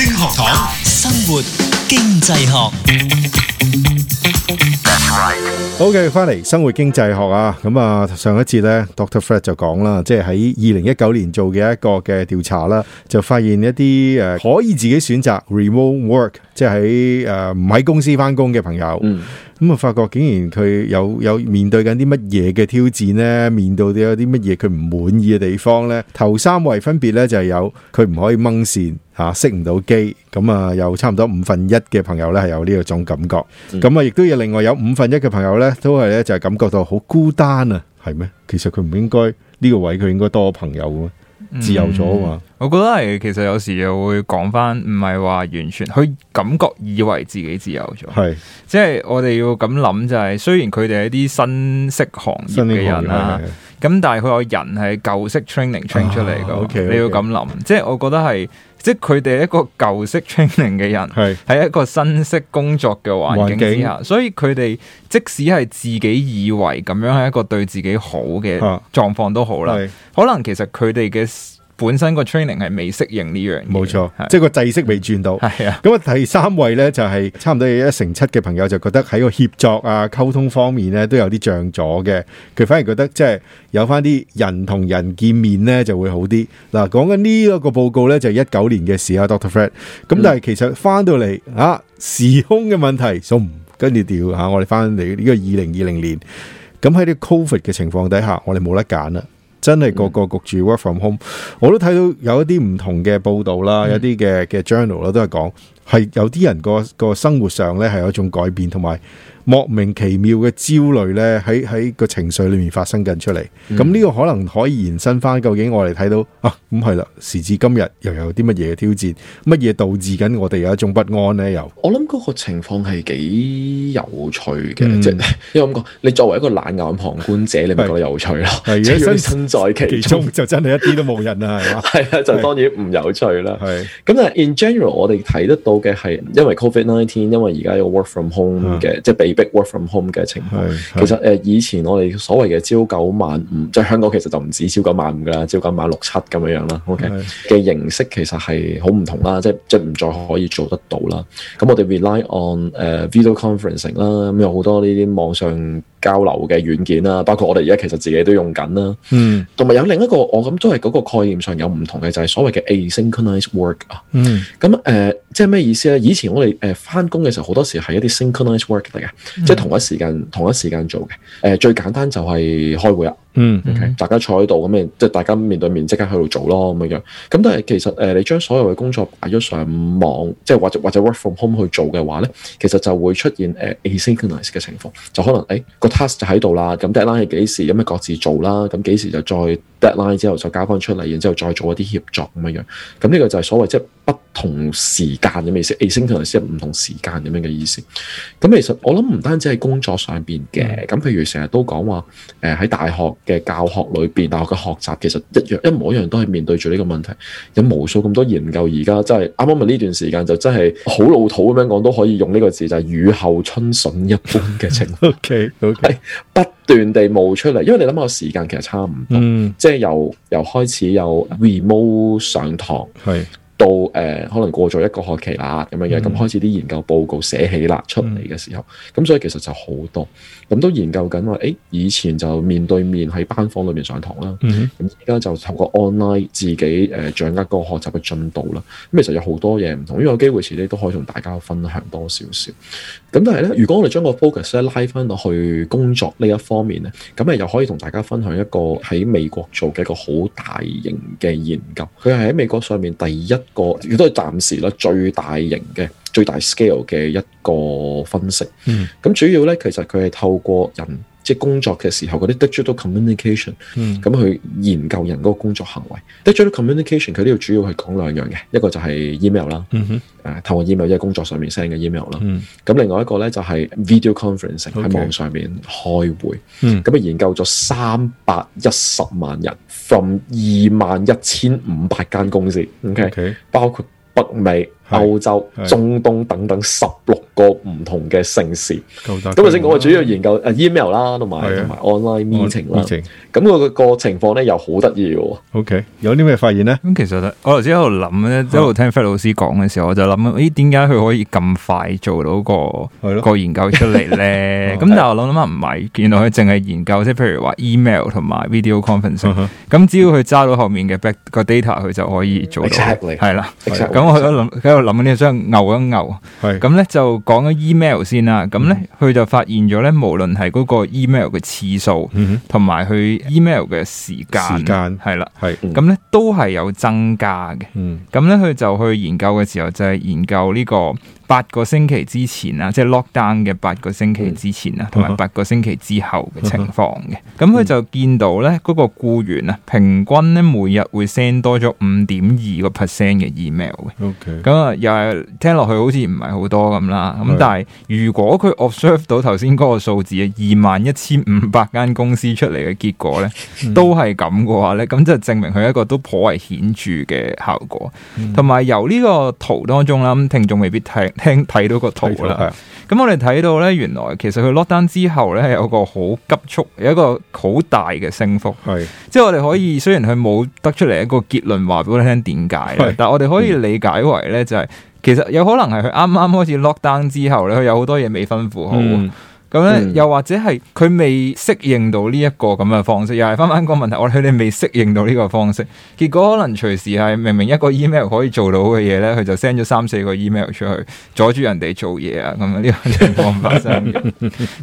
星、okay, 生活經濟學，OK 翻嚟生活經濟學啊！咁啊，上一次呢 Doctor Fred 就講啦，即係喺二零一九年做嘅一個嘅調查啦，就發現一啲誒可以自己選擇 remote work，即係喺誒唔喺公司翻工嘅朋友，咁啊、嗯，發覺竟然佢有有面對緊啲乜嘢嘅挑戰呢？面對到有啲乜嘢佢唔滿意嘅地方呢？頭三位分別呢，就係有佢唔可以掹線。啊，熄唔到機，咁啊，有差唔多五分一嘅朋友咧，係有呢個種感覺，咁啊，亦都有另外有五分一嘅朋友咧，都係咧，就感覺到好孤單啊，係咩？其實佢唔應該呢個位，佢應該多朋友嘅，自由咗啊嘛。我覺得係，其實有時又會講翻，唔係話完全，佢感覺以為自己自由咗。係，即係我哋要咁諗就係，雖然佢哋係一啲新式行業嘅人啊。咁但係佢個人係舊式 training train 出嚟嘅。啊、okay, okay。你要咁諗，即係我覺得係，即係佢哋一個舊式 training 嘅人，係喺是一個新式工作嘅環境之下，境所以佢哋即使係自己以為咁樣係一個對自己好嘅狀況都好啦，啊、可能其實佢哋嘅。本身個 training 係未適應呢樣，冇錯，是即係個制式未轉到。係、嗯、啊，咁啊第三位咧就係、是、差唔多有一成七嘅朋友就覺得喺個協作啊溝通方面咧都有啲障阻嘅，佢反而覺得即係有返啲人同人見面咧就會好啲。嗱，講緊呢一個報告咧就係一九年嘅事啊，Doctor Fred。咁、嗯、但係其實返到嚟啊時空嘅問題，咁跟住掉嚇、啊、我哋返嚟呢個二零二零年，咁喺啲 COVID 嘅情況底下，我哋冇得揀啦。真係個個焗住 work from home，我都睇到有一啲唔同嘅報道啦，嗯、有啲嘅嘅 journal 啦，jour nal，都係講。係有啲人個個生活上咧係有一種改變，同埋莫名其妙嘅焦慮咧，喺喺個情緒裏面發生緊出嚟。咁呢、嗯、個可能可以延伸翻，究竟我哋睇到啊咁係啦，時至今日又有啲乜嘢嘅挑戰，乜嘢導致緊我哋有一種不安咧？又我諗嗰個情況係幾有趣嘅，嗯、即係因為咁講，你作為一個冷眼旁觀者， 的你咪覺得有趣咯？若然身在其中，其中 就真係一啲都冇癮啦，係嘛？係啊， 就當然唔有趣啦。係咁啊，in general，我哋睇得到。嘅係，因為 Covid nineteen，因為而家有 work from home 嘅，啊、即係被逼 work from home 嘅情況。啊、其實誒，以前我哋所謂嘅朝九晚五，即係香港其實就唔止朝九晚五噶啦，朝九晚六七咁樣樣啦。OK 嘅的形式其實係好唔同啦，即係即係唔再可以做得到啦。咁我哋 rely on 誒、uh, video conferencing 啦、嗯，咁有好多呢啲網上，交流嘅軟件啦，包括我哋而家其實自己都用緊啦，嗯，同埋有另一個我諗都係嗰個概念上有唔同嘅，就係、是、所謂嘅 asynchronous work 啊，嗯，咁誒、呃、即係咩意思咧？以前我哋誒翻工嘅時候，好多時係一啲 synchronous work 嚟嘅，嗯、即係同一時間同一時間做嘅，誒、呃、最簡單就係開會啊。嗯，OK，大家坐喺度咁樣，即係大家面對面即刻喺度做咯咁樣樣。咁但係其實誒、呃，你將所有嘅工作擺咗上網，即係或者或者 work from home 去做嘅話咧，其實就會出現誒、uh, asynchronous 嘅情況，就可能誒、哎、個 task 就喺度啦，咁 deadline 係幾時，咁咪各自做啦，咁幾時就再 deadline 之後就交翻出嚟，然之後再做一啲協作咁樣樣。咁、這、呢個就係所謂即係不。同時間嘅意思，asynchronous 係唔同時間咁樣嘅意思。咁其實我諗唔單止喺工作上邊嘅，咁譬如成日都講話，誒、呃、喺大學嘅教學裏邊，大學嘅學習其實一樣一模一樣都係面對住呢個問題。有無數咁多研究，而家真係啱啱呢段時間就真係好老土咁樣講，都可以用呢個字就係、是、雨後春筍一般嘅情況。 OK，OK，Okay, okay. 不斷地冒出嚟，因為你諗下時間其實差唔多，嗯、即係由由開始有 remote 上堂係。到誒、呃、可能過咗一個學期啦咁樣嘅，咁、嗯、開始啲研究報告寫起啦出嚟嘅時候，咁、嗯、所以其實就好多，咁都研究緊話，誒、欸、以前就面對面喺班房裏面上堂啦，咁而家就透過 online 自己誒掌握個學習嘅進度啦，咁其實有好多嘢唔同，因為有機會時咧都可以同大家分享多少少。咁但係咧，如果我哋將個 focus 咧拉翻落去工作呢一方面咧，咁誒又可以同大家分享一個喺美國做嘅一個好大型嘅研究，佢係喺美國上面第一個亦都係暫時啦，最大型嘅、最大 scale 嘅一個分析。咁、嗯、主要咧，其實佢係透過人。即係工作嘅時候，嗰啲 digital communication，咁去研究人嗰個工作行為。digital communication，佢呢度主要係講兩樣嘅，一個就係 email 啦，誒，透過 email 即係工作上面 send 嘅 email 啦。咁另外一個咧就係 video conferencing 喺網上面開會。咁啊，研究咗三百一十萬人，from 二萬一千五百間公司，OK，包括北美。歐洲、中東等等十六個唔同嘅城市，咁頭先講主要研究，email 啦，同埋同埋 online meeting 啦，咁佢個情況咧又好得意嘅。OK，有啲咩發現咧？咁其實我頭先喺度諗咧，一路聽 Fred 老師講嘅時候，我就諗咦點解佢可以咁快做到個個研究出嚟咧？咁但係我諗諗下唔係，原來佢淨係研究即係譬如話 email 同埋 video conference，咁只要佢揸到後面嘅 back data，佢就可以做到，係啦。咁我喺度諗嘅嘢想，一想牛一牛，咁咧是就講 email 先啦。咁咧佢就發現咗咧，無論係嗰個 email 嘅次數，同埋佢 email 嘅時間，時間係啦，係咁咧都係有增加嘅。咁咧佢就去研究嘅時候，就係研究呢個。八個星期之前啊，即係 lockdown 嘅八個星期之前啊，同埋八個星期之後嘅情況嘅，咁佢、uh huh. 就見到咧嗰個僱員啊，平均咧每日會 send 多咗五點二個 percent 嘅 email。OK 咁啊，又係聽落去好似唔係好多咁啦。咁、uh huh. 但係如果佢 observe 到頭先嗰個數字啊，二萬一千五百間公司出嚟嘅結果咧，uh huh. 都係咁嘅話咧，咁就證明佢一個都頗為顯著嘅效果，同埋、uh huh. 由呢個圖當中啦，咁聽眾未必聽。聽睇到個圖啦，咁、 嗯、我哋睇到呢，原來其實佢 lock down 之後呢，有個好急促，有一個好大嘅升幅，係是，即係我哋可以，雖然佢冇得出嚟一個結論，話俾是我哋聽點解，但係我哋可以理解為呢，就係、是、其實有可能係佢啱啱開始 lock down 之後呢，佢有好多嘢未吩咐好。嗯咁咧，嗯、又或者係佢未適應到呢一個咁嘅方式，又係翻翻個問題，我哋佢哋未適應到呢個方式，結果可能隨時係明明一個 email 可以做到嘅嘢咧，佢就 send 咗三四個 email 出去，阻住人哋做嘢啊！咁樣，呢個情況發生。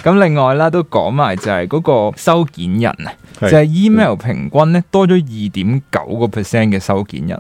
咁 另外啦，都講埋就係嗰個收件人啊， 就係 email 平均咧多咗二點九個 percent 嘅收件人。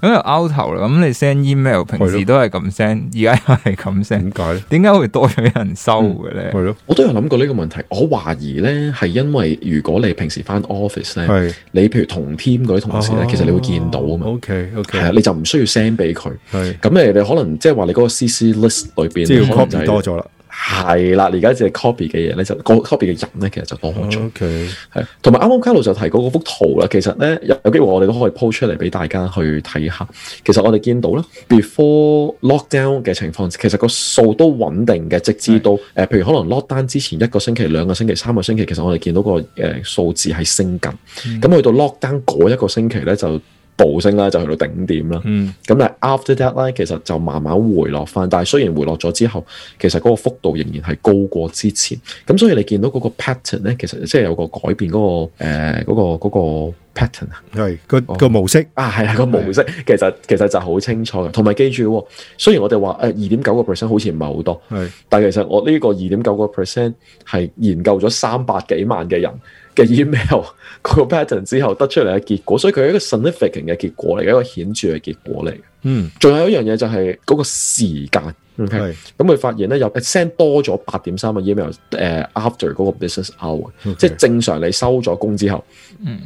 咁又 out 頭啦，咁你 send email 平時都係咁 send，而家又係咁 send。點解咧？點解會多咗人收嘅咧？係咯、嗯，我都有諗過呢個問題。我懷疑咧，係因為如果你平時翻 office 咧，的你譬如同 team 嗰啲同事咧，啊、哈其實你會見到啊嘛。O K O K，係啊 okay, okay，你就唔需要 send 俾佢。係咁誒，你可能即係話你嗰個 C C list 裏邊，即係 copy 多咗啦。係啦，而家即係 copy 嘅嘢咧，就、啊、個 copy 嘅人咧，其實就多好多。係、哦，同埋啱啱 Calo 就提過嗰幅圖啦。其實咧有有機會，我哋都可以鋪出嚟俾大家去睇下。其實我哋見到咧，before lockdown 嘅情況，其實個數都穩定嘅，直至到誒，譬的、呃、如可能 lockdown 之前一個星期、兩個星期、三個星期，其實我哋見到、個誒數、呃、字係升緊。咁、嗯、去到 lockdown 嗰一個星期咧就，暴升啦，就去到頂點啦。嗯，咁但係 after that 咧，其實就慢慢回落返。但係雖然回落咗之後，其實嗰個幅度仍然係高過之前。咁所以你見到嗰個 pattern 咧，其實即係有個改變嗰，嗰個誒嗰 pattern 啊，係，欸嗰個模式啊，係，嗰個、我個模式。啊嗰個，模式其實其實就好清楚嘅。同埋記住，雖然我哋話誒二點九個 percent 好似唔係好多，係的，但係其實我呢個二點九個 percent 係研究咗三百幾萬嘅人。嘅 email 嗰個 pattern 之後得出嚟嘅結果，所以佢係一個 significant 嘅結果嚟嘅，一個顯著嘅結果嚟嘅。嗯，仲有一樣嘢就係嗰個時間，係咁佢發現咧有 percent 多咗八點三個 email 誒，after 嗰個 business hour，okay，即係正常你收咗工之後，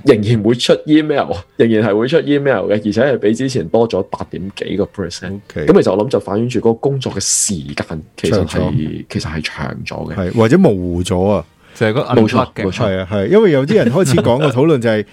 仍然會出 email，仍然係會出 email 嘅，而且係比之前多咗八點幾個 percent。咁 okay、嗯嗯、其實我諗就反映住嗰個工作嘅時間其實係長咗，其實係長咗嘅，係或者模糊咗啊。就係冇錯嘅冇錯啊，係，因為有啲人開始講個討論就係，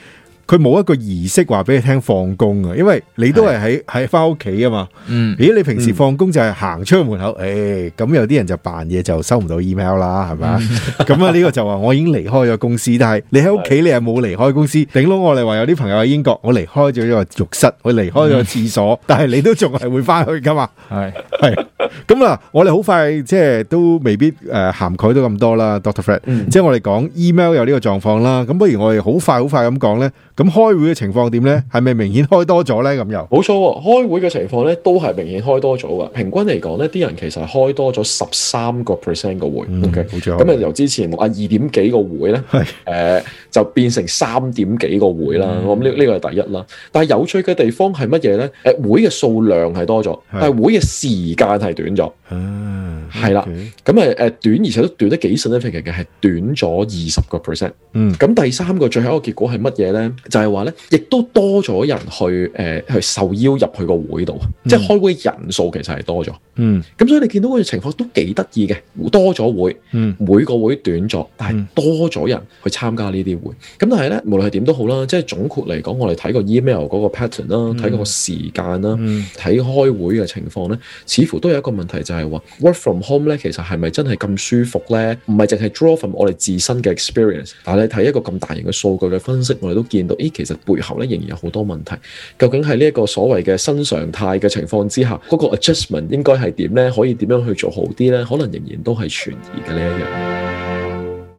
佢冇一個儀式話俾你聽放工啊，因為你都係喺喺翻屋企啊嘛，嗯，咦，你平時放工就係行出去門口，誒、嗯，咁、欸、有啲人就扮嘢就收唔到 email 啦，係咪咁啊呢個就話我已經離開咗公司，但係你喺屋企你係冇離開公司，頂到的我哋話有啲朋友喺英國，我離開咗呢個浴室，我離開咗廁所，嗯、但係你都仲係會翻去噶嘛？係係的。咁啦，我哋好快即係都未必誒、呃、涵蓋到咁多啦，Doctor Fred、嗯。即係我哋講 email 有呢個狀況啦。咁不如我哋好快好快咁講咧。咁開會嘅情況點咧？係咪明顯開多咗咧？咁又？冇錯，開會嘅情況咧都係明顯開多咗噶。平均嚟講呢，啲人其實開多咗十三個 percent 個會。OK，咁啊，由之前啊二點幾個會咧，係誒、嗯呃、就變成三點幾個會啦。我諗呢呢個係第一啦。但係有趣嘅地方係乜嘢咧？誒，會嘅數量係多咗，但係會嘅時間係。短咗，嗯，係啦，咁啊誒，短而且都短得幾 significant 嘅，係短咗二十個 percent。嗯，咁第三個最後一個結果係乜嘢咧？就係話咧，亦都多咗人去誒、呃、去受邀入去個會度，嗯、即係開會人數其實係多咗。嗯，咁所以你見到個情況都幾得意嘅，多咗會，嗯、每個會短咗，但係多咗人去參加呢啲會。咁但係咧，無論係點都好啦，即係總括嚟講，我哋睇個 email 嗰個 pattern 啦，睇個時間啦，睇、嗯、開會嘅情況咧，似乎都有一個。個問題就係話，work from home 咧，其實係咪真係咁舒服咧？唔係淨係 draw from 我哋自身嘅 experience。但係你睇一個咁大型嘅數據嘅分析，我哋都見到，咦，其實背後咧仍然有好多問題。究竟係呢一個所謂嘅新常態嘅情況之下，嗰個 adjustment 應該係點咧？可以點樣去做好啲咧？可能仍然都係存疑嘅呢一樣。